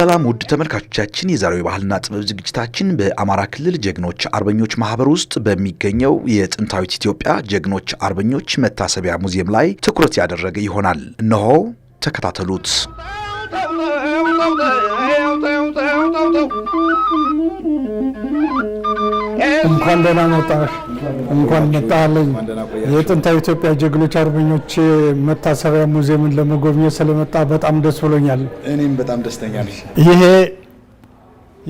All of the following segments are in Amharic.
ሰላም ውድ ተመልካቾቻችን፣ የዛሬው የባህልና ጥበብ ዝግጅታችን በአማራ ክልል ጀግኖች አርበኞች ማህበር ውስጥ በሚገኘው የጥንታዊት ኢትዮጵያ ጀግኖች አርበኞች መታሰቢያ ሙዚየም ላይ ትኩረት ያደረገ ይሆናል። እነሆ ተከታተሉት። እንኳን ደህና መጣህ፣ እንኳን መጣህልኝ። የጥንታዊ ኢትዮጵያ ጀግኖች አርበኞች መታሰቢያ ሙዚየምን ለመጎብኘት ስለመጣ በጣም ደስ ብሎኛል። እኔም በጣም ደስተኛ ነኝ። ይሄ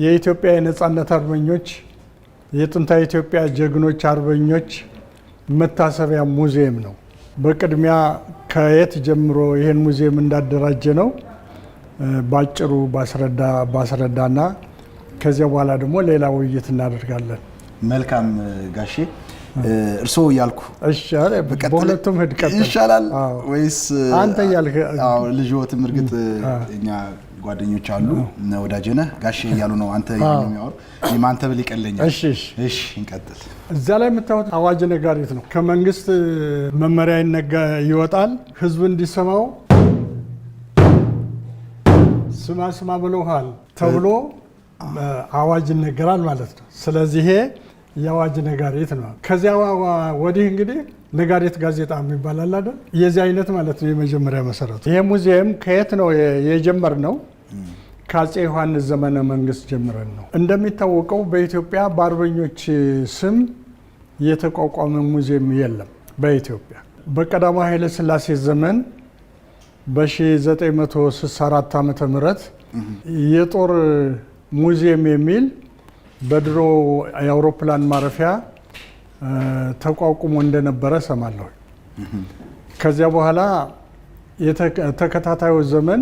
የኢትዮጵያ የነጻነት አርበኞች የጥንታዊ ኢትዮጵያ ጀግኖች አርበኞች መታሰቢያ ሙዚየም ነው። በቅድሚያ ከየት ጀምሮ ይህን ሙዚየም እንዳደራጀ ነው ባጭሩ ባስረዳ ባስረዳና ከዚያ በኋላ ደግሞ ሌላ ውይይት እናደርጋለን። መልካም ጋሼ እርስዎ እያልኩ በሁለቱም ሂድ ይሻላል ወይስ አንተ እያልክ ልጅዎትም እርግጥ እኛ ጓደኞች አሉ ወዳጄ ጋሼ እያሉ ነው አንተ የሚያወሩ አንተ ብል ይቀለኛል እሺ እንቀጥል እዛ ላይ የምታዩት አዋጅ ነጋሪት ነው ከመንግስት መመሪያ ይወጣል ህዝብ እንዲሰማው ስማ ስማ ብለውሃል ተብሎ አዋጅ ይነገራል ማለት ነው ስለዚህ የአዋጅ ነጋሪት ነው። ከዚያ ወዲህ እንግዲህ ነጋሪት ጋዜጣ የሚባል አለ አይደል? የዚህ አይነት ማለት ነው የመጀመሪያ መሰረቱ። ይህ ሙዚየም ከየት ነው ነው? ከአጼ ዮሐንስ ዘመነ መንግስት ጀምረን ነው። እንደሚታወቀው በኢትዮጵያ በአርበኞች ስም የተቋቋመ ሙዚየም የለም። በኢትዮጵያ በቀዳማዊ ኃይለ ስላሴ ዘመን በ1964 ዓ ም የጦር ሙዚየም የሚል በድሮ የአውሮፕላን ማረፊያ ተቋቁሞ እንደነበረ ሰማለሁ። ከዚያ በኋላ ተከታታዩ ዘመን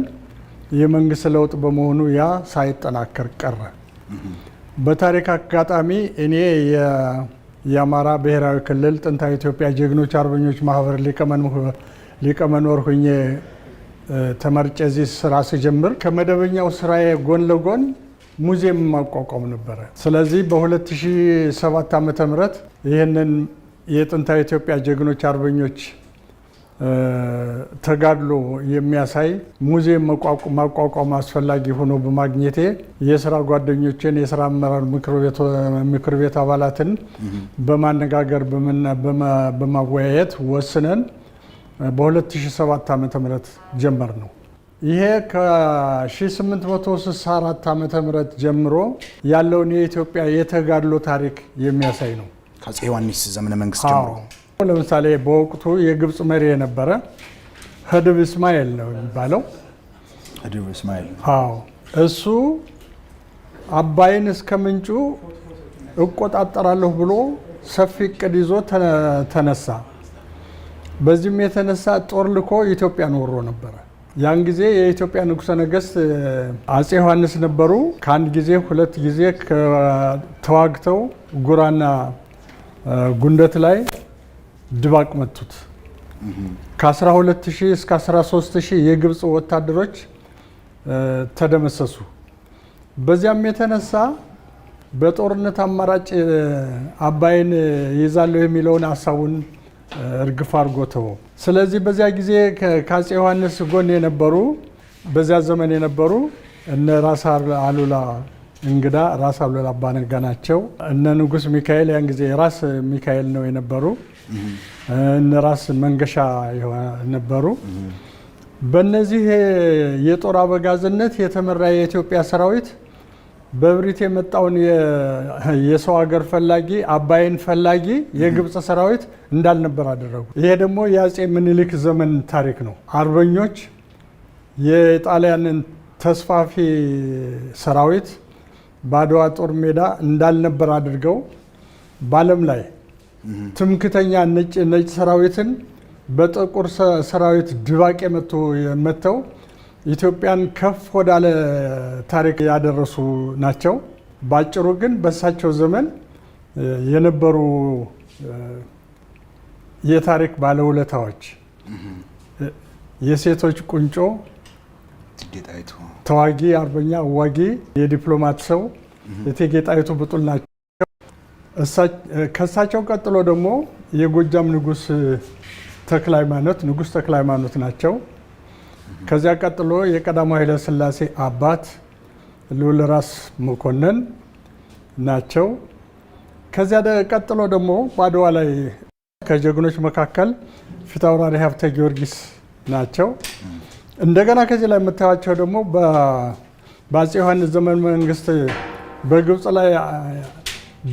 የመንግስት ለውጥ በመሆኑ ያ ሳይጠናከር ቀረ። በታሪክ አጋጣሚ እኔ የአማራ ብሔራዊ ክልል ጥንታዊ ኢትዮጵያ ጀግኖች አርበኞች ማህበር ሊቀመንበር ሁኜ ተመርጬ እዚህ ስራ ስጀምር ከመደበኛው ስራዬ ጎን ለጎን ሙዚየም ማቋቋም ነበረ። ስለዚህ በ2007 ዓ ም ይህንን የጥንታዊ ኢትዮጵያ ጀግኖች አርበኞች ተጋድሎ የሚያሳይ ሙዚየም ማቋቋም አስፈላጊ ሆኖ በማግኘቴ የስራ ጓደኞችን የስራ አመራር ምክር ቤት አባላትን በማነጋገር በማወያየት ወስነን በ2007 ዓ ም ጀመር ነው። ይሄ ከ1864 ዓ ም ጀምሮ ያለውን የኢትዮጵያ የተጋድሎ ታሪክ የሚያሳይ ነው። ከአፄ ዮሐንስ ዘመነ መንግስት ጀምሮ ለምሳሌ በወቅቱ የግብፅ መሪ የነበረ ህድብ እስማኤል ነው የሚባለው። ህድብ እስማኤል አዎ፣ እሱ አባይን እስከ ምንጩ እቆጣጠራለሁ ብሎ ሰፊ እቅድ ይዞ ተነሳ። በዚህም የተነሳ ጦር ልኮ ኢትዮጵያን ወሮ ነበረ። ያን ጊዜ የኢትዮጵያ ንጉሠ ነገሥት አጼ ዮሐንስ ነበሩ። ከአንድ ጊዜ ሁለት ጊዜ ተዋግተው ጉራና ጉንደት ላይ ድባቅ መቱት። ከ12000 እስከ ሺህ የግብፅ ወታደሮች ተደመሰሱ። በዚያም የተነሳ በጦርነት አማራጭ አባይን ይዛለሁ የሚለውን ሀሳቡን እርግፍ አድርጎ ተወው። ስለዚህ በዚያ ጊዜ ከአፄ ዮሐንስ ጎን የነበሩ በዚያ ዘመን የነበሩ እነ ራስ አሉላ እንግዳ ራስ አሉላ አባነጋ ናቸው። እነ ንጉስ ሚካኤል ያን ጊዜ ራስ ሚካኤል ነው የነበሩ። እነ ራስ መንገሻ ነበሩ። በእነዚህ የጦር አበጋዝነት የተመራ የኢትዮጵያ ሰራዊት በእብሪት የመጣውን የሰው ሀገር ፈላጊ አባይን ፈላጊ የግብፅ ሰራዊት እንዳልነበር አደረጉ። ይሄ ደግሞ የአፄ ምኒልክ ዘመን ታሪክ ነው። አርበኞች የጣሊያንን ተስፋፊ ሰራዊት በአድዋ ጦር ሜዳ እንዳልነበር አድርገው በዓለም ላይ ትምክተኛ ነጭ ሰራዊትን በጥቁር ሰራዊት ድባቅ መጥተው ኢትዮጵያን ከፍ ወዳለ ታሪክ ያደረሱ ናቸው። በአጭሩ ግን በእሳቸው ዘመን የነበሩ የታሪክ ባለውለታዎች የሴቶች ቁንጮ፣ ተዋጊ አርበኛ፣ አዋጊ፣ የዲፕሎማት ሰው እቴጌ ጣይቱ ብጡል ናቸው። ከእሳቸው ቀጥሎ ደግሞ የጎጃም ንጉስ ተክለ ሃይማኖት ንጉሥ ተክለ ሃይማኖት ናቸው። ከዚያ ቀጥሎ የቀዳማዊ ኃይለ ሥላሴ አባት ልዑል ራስ መኮንን ናቸው። ከዚያ ቀጥሎ ደግሞ በአድዋ ላይ ከጀግኖች መካከል ፊታውራሪ ሀብተ ጊዮርጊስ ናቸው። እንደገና ከዚህ ላይ የምታዩቸው ደግሞ በአጼ ዮሐንስ ዘመን መንግስት በግብፅ ላይ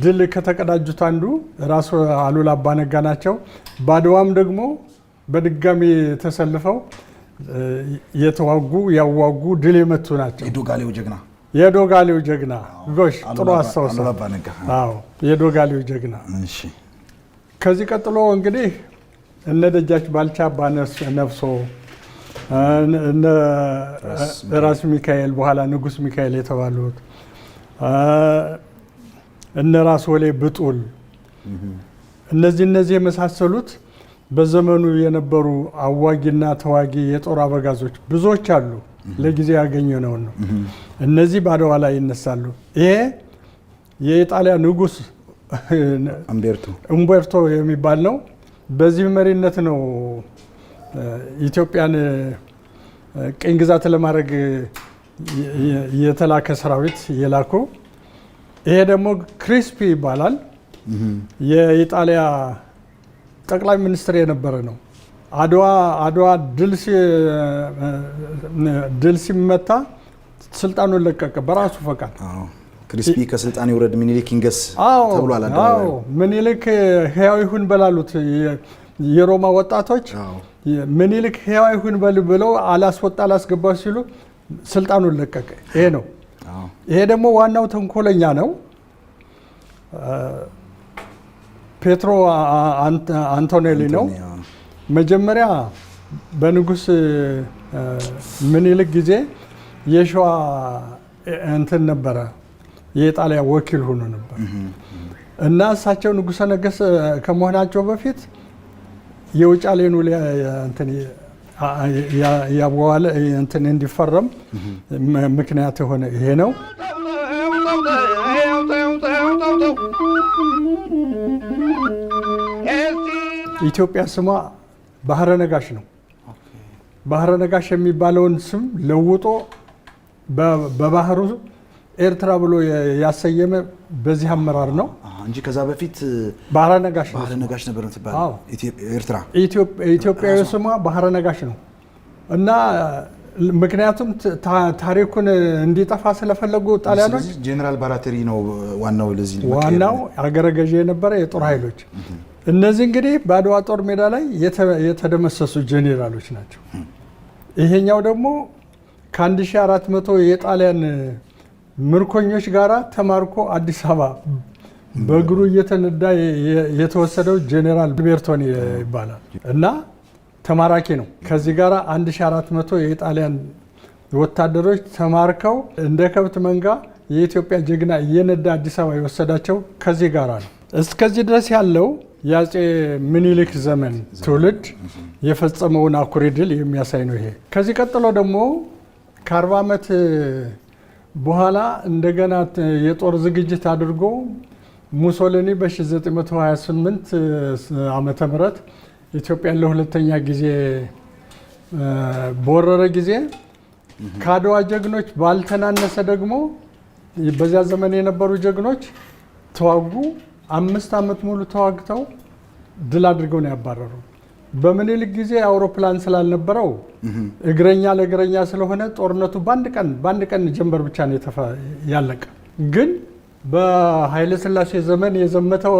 ድል ከተቀዳጁት አንዱ ራሱ አሉላ አባ ነጋ ናቸው። በአድዋም ደግሞ በድጋሚ ተሰልፈው የተዋጉ ያዋጉ ድል የመቱ ናቸው። የዶጋሌው ጀግና የዶጋሌው ጀግና ጎሽ፣ ጥሩ አስታውሰው። አዎ የዶጋሌው ጀግና። ከዚህ ቀጥሎ እንግዲህ እነ ደጃች ባልቻ ባነፍሶ እነ ራስ ሚካኤል በኋላ ንጉስ ሚካኤል የተባሉት እነ ራስ ወሌ ብጡል እነዚህ እነዚህ የመሳሰሉት በዘመኑ የነበሩ አዋጊና ተዋጊ የጦር አበጋዞች ብዙዎች አሉ። ለጊዜ ያገኘ ነው ነው እነዚህ በአድዋ ላይ ይነሳሉ። ይሄ የኢጣሊያ ንጉስ እምቤርቶ የሚባል ነው። በዚህ መሪነት ነው ኢትዮጵያን ቅኝ ግዛት ለማድረግ የተላከ ሰራዊት የላኩ። ይሄ ደግሞ ክሪስፒ ይባላል የኢጣሊያ ጠቅላይ ሚኒስትር የነበረ ነው። አድዋ አድዋ ድል ሲመታ ስልጣኑን ለቀቀ በራሱ ፈቃድ። ክሪስፒ ከስልጣን ይውረድ ሚኒሊክ ይንገስ ተብሏል። ሚኒሊክ ሕያው ይሁን በላሉት የሮማ ወጣቶች ሚኒሊክ ሕያው ይሁን በል ብለው አላስወጣ አላስገባ ሲሉ ስልጣኑን ለቀቀ። ይሄ ነው። ይሄ ደግሞ ዋናው ተንኮለኛ ነው። ፔትሮ አንቶኔሊ ነው። መጀመሪያ በንጉሥ ምኒልክ ጊዜ የሸዋ እንትን ነበረ የጣሊያን ወኪል ሆኖ ነበር እና እሳቸው ንጉሰ ነገስ ከመሆናቸው በፊት የውጫሌን ውል ያዋዋለ እንትን እንዲፈረም ምክንያት የሆነ ይሄ ነው። ኢትዮጵያ ስሟ ባህረ ነጋሽ ነው። ባህረ ነጋሽ የሚባለውን ስም ለውጦ በባህሩ ኤርትራ ብሎ ያሰየመ በዚህ አመራር ነው እንጂ ከዛ በፊት ባህረ ነጋሽ ባህረ ነጋሽ ነበር ኤርትራ። ኢትዮጵያዊ ስሟ ባህረ ነጋሽ ነው እና ምክንያቱም ታሪኩን እንዲጠፋ ስለፈለጉ ጣሊያኖች ጄኔራል ባራቴሪ ነው ዋናው። ለዚህ ዋናው አገረ ገዢ የነበረ የጦር ኃይሎች እነዚህ እንግዲህ በአድዋ ጦር ሜዳ ላይ የተደመሰሱ ጄኔራሎች ናቸው። ይሄኛው ደግሞ ከ1400 የጣሊያን ምርኮኞች ጋራ ተማርኮ አዲስ አበባ በእግሩ እየተነዳ የተወሰደው ጄኔራል ቤርቶኒ ይባላል እና ተማራኪ ነው። ከዚህ ጋር 1400 የጣሊያን ወታደሮች ተማርከው እንደ ከብት መንጋ የኢትዮጵያ ጀግና እየነዳ አዲስ አበባ የወሰዳቸው ከዚህ ጋር ነው። እስከዚህ ድረስ ያለው የአጼ ምኒልክ ዘመን ትውልድ የፈጸመውን አኩሪ ድል የሚያሳይ ነው ይሄ። ከዚህ ቀጥሎ ደግሞ ከአርባ ዓመት በኋላ እንደገና የጦር ዝግጅት አድርጎ ሙሶሊኒ በ1928 ዓመተ ምህረት ኢትዮጵያን ለሁለተኛ ጊዜ በወረረ ጊዜ ከአድዋ ጀግኖች ባልተናነሰ ደግሞ በዚያ ዘመን የነበሩ ጀግኖች ተዋጉ። አምስት ዓመት ሙሉ ተዋግተው ድል አድርገው ነው ያባረሩ። በምኒልክ ጊዜ አውሮፕላን ስላልነበረው እግረኛ ለእግረኛ ስለሆነ ጦርነቱ በአንድ ቀን በአንድ ቀን ጀንበር ብቻ ነው ያለቀ። ግን በኃይለ ዘመን የዘመተው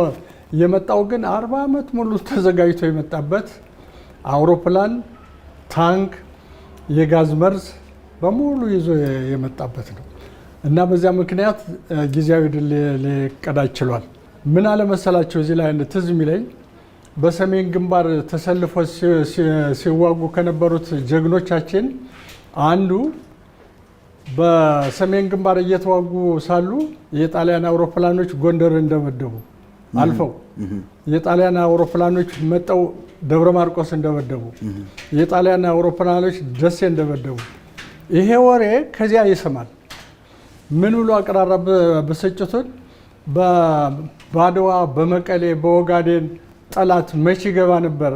የመጣው ግን አርባ ዓመት ሙሉ ተዘጋጅቶ የመጣበት አውሮፕላን፣ ታንክ፣ የጋዝ መርዝ በሙሉ ይዞ የመጣበት ነው እና በዚያ ምክንያት ጊዜያዊ ድል ሊቀዳጅ ችሏል። ምን አለመሰላቸው እዚህ ላይ ትዝ የሚለኝ በሰሜን ግንባር ተሰልፎ ሲዋጉ ከነበሩት ጀግኖቻችን አንዱ በሰሜን ግንባር እየተዋጉ ሳሉ የጣሊያን አውሮፕላኖች ጎንደር እንደመደቡ አልፈው የጣሊያን አውሮፕላኖች መጠው ደብረ ማርቆስ እንደመደቡ የጣሊያን አውሮፕላኖች ደሴ እንደመደቡ ይሄ ወሬ ከዚያ ይሰማል። ምን ብሎ አቀራረብ ብስጭቱን በአድዋ በመቀሌ በወጋዴን ጠላት መቼ ገባ ነበር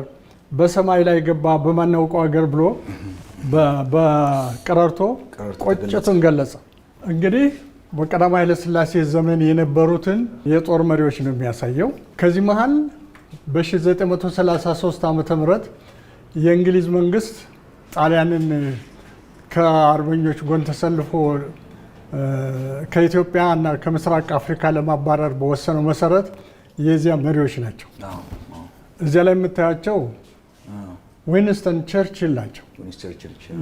በሰማይ ላይ ገባ በማናውቀው ሀገር ብሎ በቀረርቶ ቁጭቱን ገለጸ። እንግዲህ በቀዳማዊ ኃይለሥላሴ ዘመን የነበሩትን የጦር መሪዎች ነው የሚያሳየው። ከዚህ መሀል በ1933 ዓ ም የእንግሊዝ መንግስት ጣሊያንን ከአርበኞች ጎን ተሰልፎ ከኢትዮጵያ እና ከምስራቅ አፍሪካ ለማባረር በወሰነው መሰረት የዚያ መሪዎች ናቸው። እዚያ ላይ የምታያቸው ዊንስተን ቸርችል ናቸው።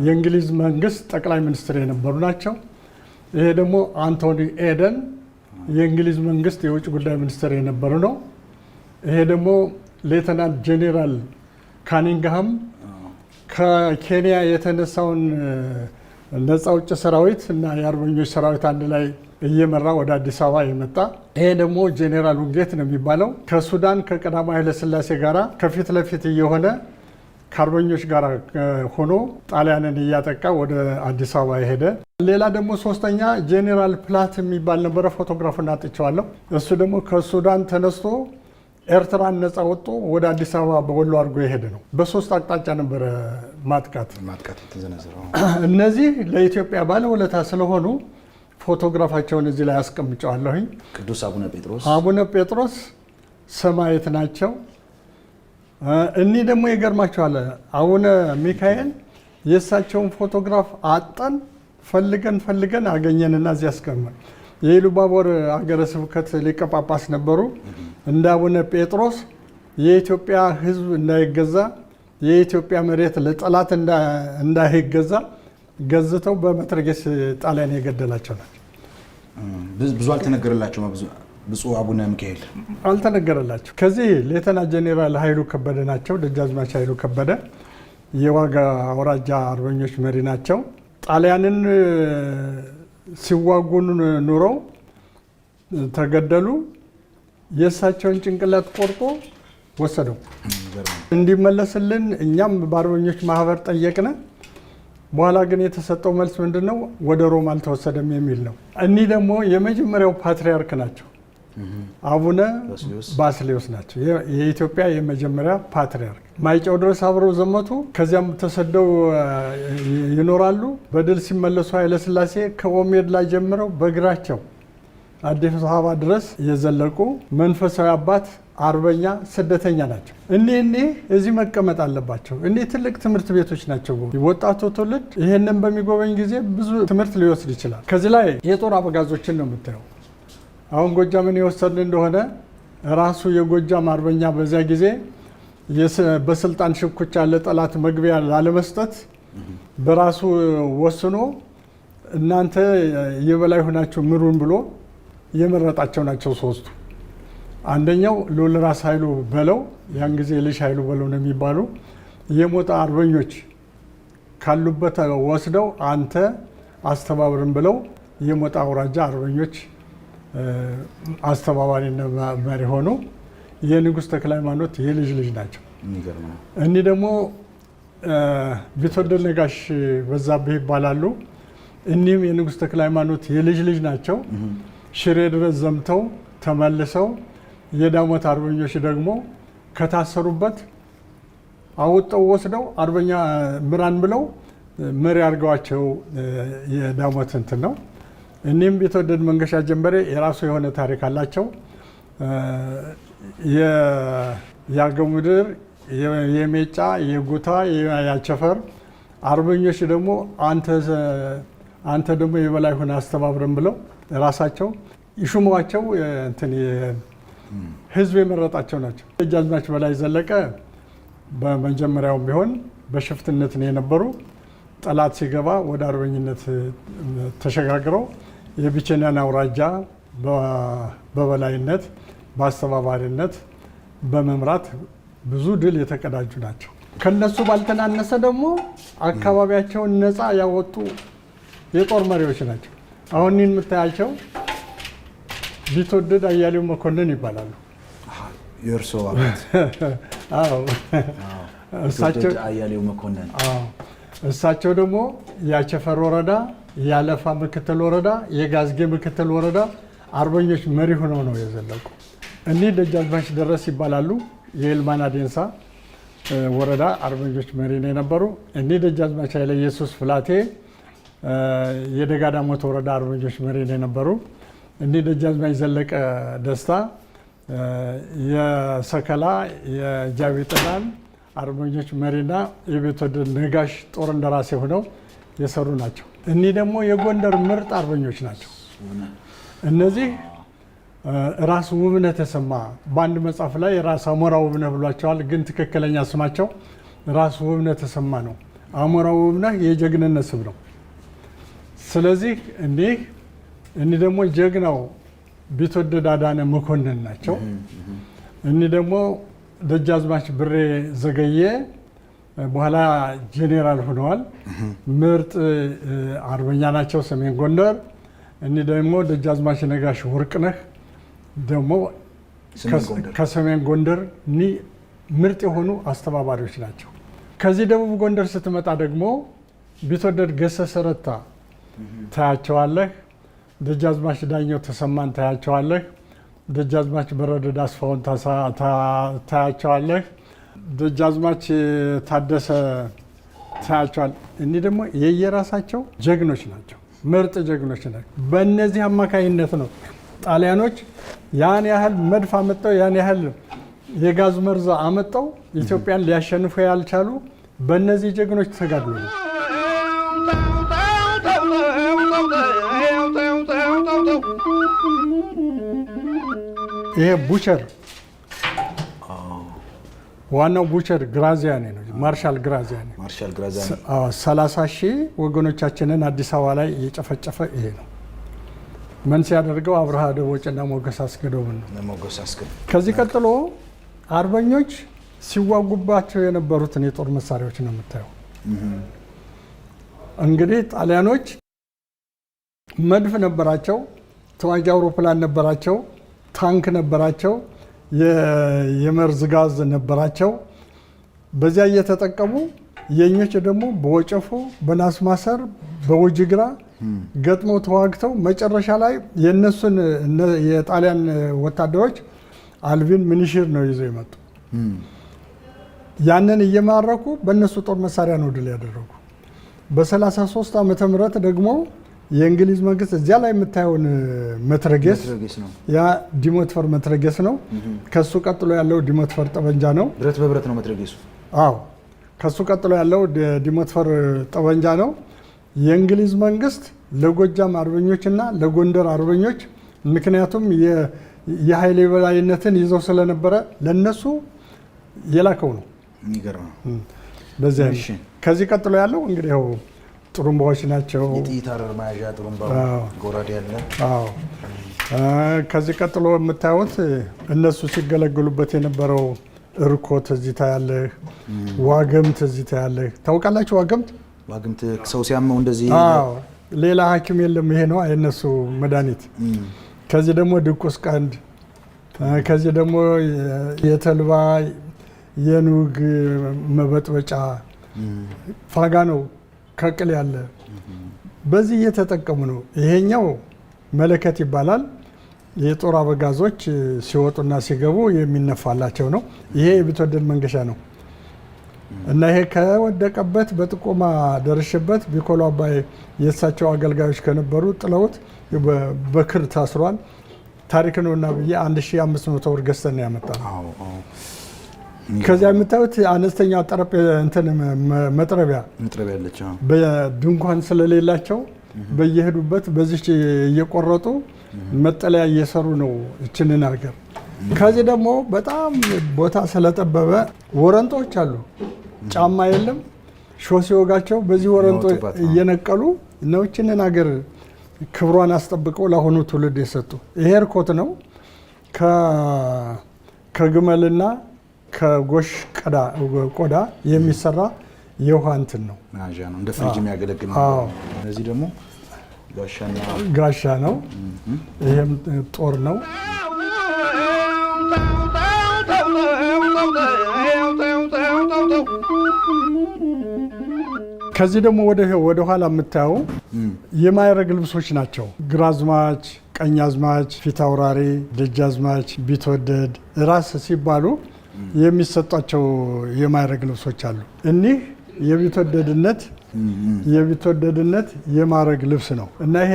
የእንግሊዝ መንግስት ጠቅላይ ሚኒስትር የነበሩ ናቸው። ይሄ ደግሞ አንቶኒ ኤደን የእንግሊዝ መንግስት የውጭ ጉዳይ ሚኒስትር የነበሩ ነው። ይሄ ደግሞ ሌተናንት ጄኔራል ካኒንግሃም ከኬንያ የተነሳውን ነፃ ውጭ ሰራዊት እና የአርበኞች ሰራዊት አንድ ላይ እየመራ ወደ አዲስ አበባ የመጣ ይሄ ደግሞ ጄኔራል ውንጌት ነው የሚባለው። ከሱዳን ከቀዳማዊ ኃይለስላሴ ጋራ ከፊት ለፊት እየሆነ ከአርበኞች ጋር ሆኖ ጣሊያንን እያጠቃ ወደ አዲስ አበባ ሄደ። ሌላ ደግሞ ሶስተኛ ጄኔራል ፕላት የሚባል ነበረ፣ ፎቶግራፉን አጥቼዋለሁ። እሱ ደግሞ ከሱዳን ተነስቶ ኤርትራን ነፃ ወጥቶ ወደ አዲስ አበባ በወሎ አድርጎ የሄደ ነው። በሶስት አቅጣጫ ነበረ ማጥቃት ማጥቃት ተዘነዘረው። እነዚህ ለኢትዮጵያ ባለውለታ ስለሆኑ ፎቶግራፋቸውን እዚህ ላይ አስቀምጨዋለሁኝ። ቅዱስ አቡነ ጴጥሮስ አቡነ ጴጥሮስ ሰማየት ናቸው። እኒህ ደግሞ ይገርማቸዋል። አቡነ ሚካኤል የእሳቸውን ፎቶግራፍ አጠን ፈልገን ፈልገን አገኘንና እዚህ አስቀምጠን የኢሉባቦር አገረ ስብከት ሊቀ ጳጳስ ነበሩ። እንደ አቡነ ጴጥሮስ የኢትዮጵያ ሕዝብ እንዳይገዛ የኢትዮጵያ መሬት ለጠላት እንዳይገዛ ገዝተው በመትረጌስ ጣሊያን የገደላቸው ናቸው። ብዙ አልተነገረላቸው ብፁዕ አቡነ ሚካኤል አልተነገረላቸው። ከዚህ ሌተና ጄኔራል ኃይሉ ከበደ ናቸው። ደጃዝማች ኃይሉ ከበደ የዋጋ አውራጃ አርበኞች መሪ ናቸው። ጣሊያንን ሲዋጉን ኑረው ተገደሉ። የእሳቸውን ጭንቅላት ቆርጦ ወሰደው። እንዲመለስልን እኛም በአርበኞች ማህበር ጠየቅነ። በኋላ ግን የተሰጠው መልስ ምንድን ነው? ወደ ሮም አልተወሰደም የሚል ነው። እኒህ ደግሞ የመጀመሪያው ፓትሪያርክ ናቸው። አቡነ ባስሌዎስ ናቸው። የኢትዮጵያ የመጀመሪያ ፓትሪያርክ ማይጨው ድረስ አብረው ዘመቱ። ከዚያም ተሰደው ይኖራሉ። በድል ሲመለሱ ከኦሜድ ከኦሜድላ ጀምረው በእግራቸው አዲስ አበባ ድረስ የዘለቁ መንፈሳዊ አባት አርበኛ ስደተኛ ናቸው። እኔ እኔ እዚህ መቀመጥ አለባቸው። እኔ ትልቅ ትምህርት ቤቶች ናቸው። ወጣቱ ትውልድ ይህንን በሚጎበኝ ጊዜ ብዙ ትምህርት ሊወስድ ይችላል። ከዚህ ላይ የጦር አበጋዞችን ነው የምታየው። አሁን ጎጃምን የወሰድን እንደሆነ ራሱ የጎጃም አርበኛ በዚያ ጊዜ በስልጣን ሽኩቻ ለጠላት መግቢያ ላለመስጠት በራሱ ወስኖ እናንተ የበላይ ሆናችሁ ምሩን ብሎ የመረጣቸው ናቸው ሶስቱ። አንደኛው ልዑል ራስ ኃይሉ በለው ያን ጊዜ ልሽ ኃይሉ በለው ነው የሚባሉ የሞጣ አርበኞች ካሉበት ወስደው አንተ አስተባብርን ብለው የሞጣ አውራጃ አርበኞች አስተባባሪና መሪ ሆኖ የንጉሥ ተክለ ሃይማኖት የልጅ ልጅ ናቸው። እኒህ ደግሞ ቢትወደድ ነጋሽ በዛብህ ይባላሉ። እኒህም የንጉሥ ተክለ ሃይማኖት የልጅ ልጅ ናቸው። ሽሬ ድረስ ዘምተው ተመልሰው የዳሞት አርበኞች ደግሞ ከታሰሩበት አውጠው ወስደው አርበኛ ምራን ብለው መሪ አድርገዋቸው የዳሞት እንትን ነው እኒህም ቢትወደድ መንገሻ ጀንበሬ የራሱ የሆነ ታሪክ አላቸው። የአገው ምድር፣ የሜጫ፣ የጉታ፣ ያቸፈር አርበኞች ደግሞ አንተ ደግሞ የበላይ ሆነ አስተባብረን ብለው ራሳቸው ይሹሟቸው ህዝብ የመረጣቸው ናቸው። ደጃዝማች በላይ ዘለቀ በመጀመሪያውም ቢሆን በሽፍትነት ነው የነበሩ። ጠላት ሲገባ ወደ አርበኝነት ተሸጋግረው የቢቸኛን አውራጃ በበላይነት በአስተባባሪነት በመምራት ብዙ ድል የተቀዳጁ ናቸው። ከነሱ ባልተናነሰ ደግሞ አካባቢያቸውን ነፃ ያወጡ የጦር መሪዎች ናቸው። አሁን የምታያቸው ቢትወደድ አያሌው መኮንን ይባላሉ። እሳቸው ደግሞ የአቸፈር ወረዳ የአለፋ ምክትል ወረዳ፣ የጋዝጌ ምክትል ወረዳ አርበኞች መሪ ሆነው ነው የዘለቁ። እኒህ ደጃዝማች ደረስ ይባላሉ። የኤልማና ዴንሳ ወረዳ አርበኞች መሪ ነው የነበሩ። እኒህ ደጃዝማች ኃይለ ኢየሱስ ፍላቴ የደጋዳሞት ወረዳ አርበኞች መሪ ነው የነበሩ። እኒህ ደጃዝማች ዘለቀ ደስታ የሰከላ የጃዊ ጥላን አርበኞች መሪና የቤትወደድ ነጋሽ ጦር እንደራሴ ሆነው የሰሩ ናቸው። እኒህ ደግሞ የጎንደር ምርጥ አርበኞች ናቸው። እነዚህ ራስ ውብነህ ተሰማ በአንድ መጽሐፍ ላይ ራስ አሞራ ውብነህ ብሏቸዋል፣ ግን ትክክለኛ ስማቸው ራስ ውብነህ ተሰማ ነው። አሞራ ውብነህ የጀግንነት ስም ነው። ስለዚህ እኒህ እኒህ ደግሞ ጀግናው ቢትወደድ አዳነ መኮንን ናቸው። እኒህ ደግሞ ደጃዝማች ብሬ ዘገየ በኋላ ጄኔራል ሆነዋል። ምርጥ አርበኛ ናቸው። ሰሜን ጎንደር እኔ ደግሞ ደጃዝማች ነጋሽ ወርቅነህ ደግሞ ከሰሜን ጎንደር ኒ ምርጥ የሆኑ አስተባባሪዎች ናቸው። ከዚህ ደቡብ ጎንደር ስትመጣ ደግሞ ቢትወደድ ገሰሰ ረታ ታያቸዋለህ። ደጃዝማች ዳኘው ተሰማን ታያቸዋለህ። ደጃዝማች በረደድ አስፋውን ታያቸዋለህ። ደጃዝማች ታደሰ ታያቸዋል። እኒህ ደግሞ የየራሳቸው ጀግኖች ናቸው፣ ምርጥ ጀግኖች ናቸው። በእነዚህ አማካኝነት ነው ጣሊያኖች ያን ያህል መድፍ አመጠው ያን ያህል የጋዝ መርዝ አመጠው ኢትዮጵያን ሊያሸንፉ ያልቻሉ በእነዚህ ጀግኖች ተጋድሎ ነው። ይሄ ቡቸር ዋናው ቡቸር ግራዚያኔ ነው፣ ማርሻል ግራዚያኔ። ሰላሳ ሺህ ወገኖቻችንን አዲስ አበባ ላይ እየጨፈጨፈ ይሄ ነው ምን ሲያደርገው አብርሃ ደቦጭና ሞገስ አስገዶብን ነው። ከዚህ ቀጥሎ አርበኞች ሲዋጉባቸው የነበሩትን የጦር መሳሪያዎች ነው የምታየው። እንግዲህ ጣሊያኖች መድፍ ነበራቸው፣ ተዋጊ አውሮፕላን ነበራቸው፣ ታንክ ነበራቸው የመርዝ ጋዝ ነበራቸው። በዚያ እየተጠቀሙ የኞች ደግሞ በወጨፎ በናስ ማሰር በውጅግራ ገጥሞ ተዋግተው መጨረሻ ላይ የእነሱን የጣሊያን ወታደሮች አልቪን ምንሽር ነው ይዘው የመጡ። ያንን እየማረኩ በእነሱ ጦር መሳሪያ ነው ድል ያደረጉ። በ33 ዓመተ ምህረት ደግሞ የእንግሊዝ መንግስት እዚያ ላይ የምታየውን መትረጌስ ያ ዲሞትፈር መትረጌስ ነው። ከሱ ቀጥሎ ያለው ዲሞትፈር ጠበንጃ ነው። ብረት በብረት ነው መትረጌሱ። አዎ፣ ከሱ ቀጥሎ ያለው ዲሞትፈር ጠበንጃ ነው። የእንግሊዝ መንግስት ለጎጃም አርበኞች ለጎንደር አርበኞች ምክንያቱም የኃይል የበላይነትን ይዘው ስለነበረ ለነሱ የላከው ነው። ከዚህ ቀጥሎ ያለው እንግዲህ ጥሩምባዎች ናቸው። የጥይታር መያዣ ጥሩምባ ጎራዴ ያለ። ከዚህ ቀጥሎ የምታዩት እነሱ ሲገለግሉበት የነበረው እርኮ እዚህ ያለ ዋግም እዚህ ያለ። ታውቃላችሁ ዋግምት? ዋግምት ሰው ሲያመው እንደዚህ ሌላ ሐኪም የለም ይሄ ነው የእነሱ መድኃኒት። ከዚህ ደግሞ ድቁስ ቀንድ፣ ከዚህ ደግሞ የተልባ የኑግ መበጥበጫ ፋጋ ነው ከቅል ያለ በዚህ እየተጠቀሙ ነው። ይሄኛው መለከት ይባላል። የጦር አበጋዞች ሲወጡና ሲገቡ የሚነፋላቸው ነው። ይሄ የቢትወደድ መንገሻ ነው እና ይሄ ከወደቀበት በጥቆማ ደርሽበት ቢኮሎ አባይ የእሳቸው አገልጋዮች ከነበሩ ጥለውት በክር ታስሯል። ታሪክ ነውና ብዬ 1500 ብር ገዝተን ነው ያመጣ ነው። ከዚያ የምታዩት አነስተኛ እንትን መጥረቢያ መጥረቢያ በድንኳን ስለሌላቸው በየሄዱበት በዚ እየቆረጡ መጠለያ እየሰሩ ነው ይችንን ሀገር። ከዚህ ደግሞ በጣም ቦታ ስለጠበበ ወረንጦች አሉ። ጫማ የለም፣ ሾ ሲወጋቸው በዚህ ወረንጦ እየነቀሉ ነው ይችንን ሀገር ክብሯን አስጠብቀው ለአሁኑ ትውልድ የሰጡ። ይሄ እርኮት ነው ከግመልና ከጎሽ ቆዳ የሚሰራ የውሃ እንትን ነው። እንደ ፍሪጅ የሚያገለግል ነው። እነዚህ ደግሞ ጋሻ ነው። ይህም ጦር ነው። ከዚህ ደግሞ ወደ ኋላ የምታየው የማይረግ ልብሶች ናቸው። ግራዝማች፣ ቀኛዝማች፣ ፊታውራሪ፣ ደጃዝማች፣ ቢትወደድ ራስ ሲባሉ የሚሰጧቸው የማዕረግ ልብሶች አሉ። እኒህ የቢትወደድነት የቢትወደድነት የማዕረግ ልብስ ነው እና ይሄ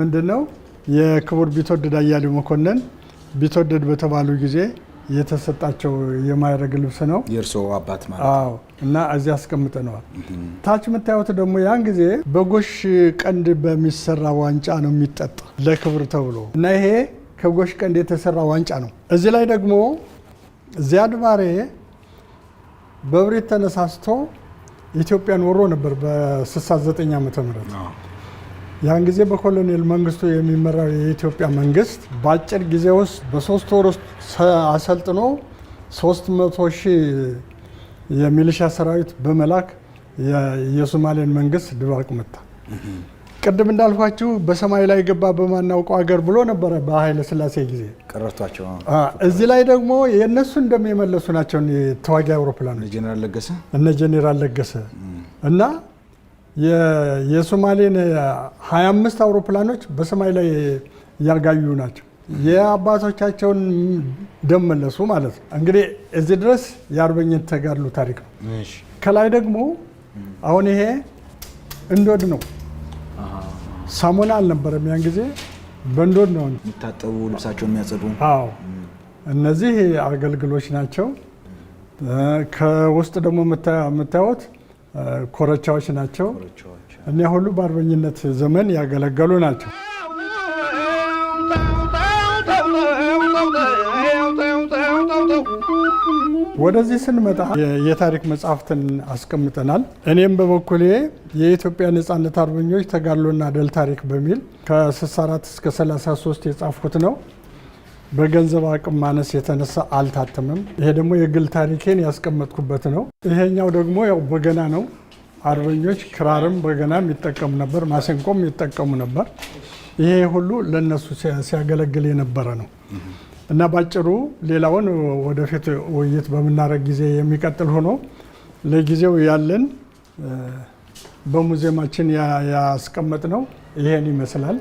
ምንድን ነው? የክቡር ቢትወደድ አያሌው መኮንን ቢትወደድ በተባሉ ጊዜ የተሰጣቸው የማዕረግ ልብስ ነው። የእርስዎ አባት ማለት እና እዚህ አስቀምጠነዋል። ታች የምታዩት ደግሞ ያን ጊዜ በጎሽ ቀንድ በሚሰራ ዋንጫ ነው የሚጠጣ ለክብር ተብሎ እና ይሄ ከጎሽ ቀንድ የተሰራ ዋንጫ ነው። እዚህ ላይ ደግሞ ዚያድ ባሬ በብሬት ተነሳስቶ ኢትዮጵያን ወሮ ነበር በ69 ዓ ም ያን ጊዜ በኮሎኔል መንግስቱ የሚመራው የኢትዮጵያ መንግስት በአጭር ጊዜ ውስጥ በሶስት ወር ውስጥ አሰልጥኖ 300 ሺህ የሚሊሻ ሰራዊት በመላክ የሶማሌን መንግስት ድባቅ መታ። ቅድም እንዳልኳችሁ በሰማይ ላይ ገባ በማናውቀው አገር ብሎ ነበረ በኃይለ ስላሴ ጊዜ ቀረቷቸው። እዚህ ላይ ደግሞ የእነሱ እንደሚመለሱ ናቸው ተዋጊ አውሮፕላኖች ጄኔራል ለገሰ እነ ጄኔራል ለገሰ እና የሶማሌን 25 አውሮፕላኖች በሰማይ ላይ ያጋዩ ናቸው። የአባቶቻቸውን ደም መለሱ ማለት ነው። እንግዲህ እዚህ ድረስ የአርበኝነት ተጋድሎ ታሪክ ነው። ከላይ ደግሞ አሁን ይሄ እንዶድ ነው ሳሙና አልነበረም ያን ጊዜ በንዶድ ነው የሚታጠቡ ልብሳቸውን የሚያጸዱ። አዎ እነዚህ አገልግሎች ናቸው። ከውስጥ ደግሞ የምታዩት ኮረቻዎች ናቸው። እኒያ ሁሉ በአርበኝነት ዘመን ያገለገሉ ናቸው። ወደዚህ ስንመጣ የታሪክ መጽሐፍትን አስቀምጠናል። እኔም በበኩሌ የኢትዮጵያ ነጻነት አርበኞች ተጋድሎና ድል ታሪክ በሚል ከ64 እስከ 33 የጻፍኩት ነው። በገንዘብ አቅም ማነስ የተነሳ አልታተምም። ይሄ ደግሞ የግል ታሪኬን ያስቀመጥኩበት ነው። ይሄኛው ደግሞ ያው በገና ነው። አርበኞች ክራርም በገናም ይጠቀሙ ነበር፣ ማሰንቆም ይጠቀሙ ነበር። ይሄ ሁሉ ለእነሱ ሲያገለግል የነበረ ነው። እና ባጭሩ ሌላውን ወደፊት ውይይት በምናረግ ጊዜ የሚቀጥል ሆኖ ለጊዜው ያለን በሙዚየማችን ያስቀመጥ ነው ይሄን ይመስላል።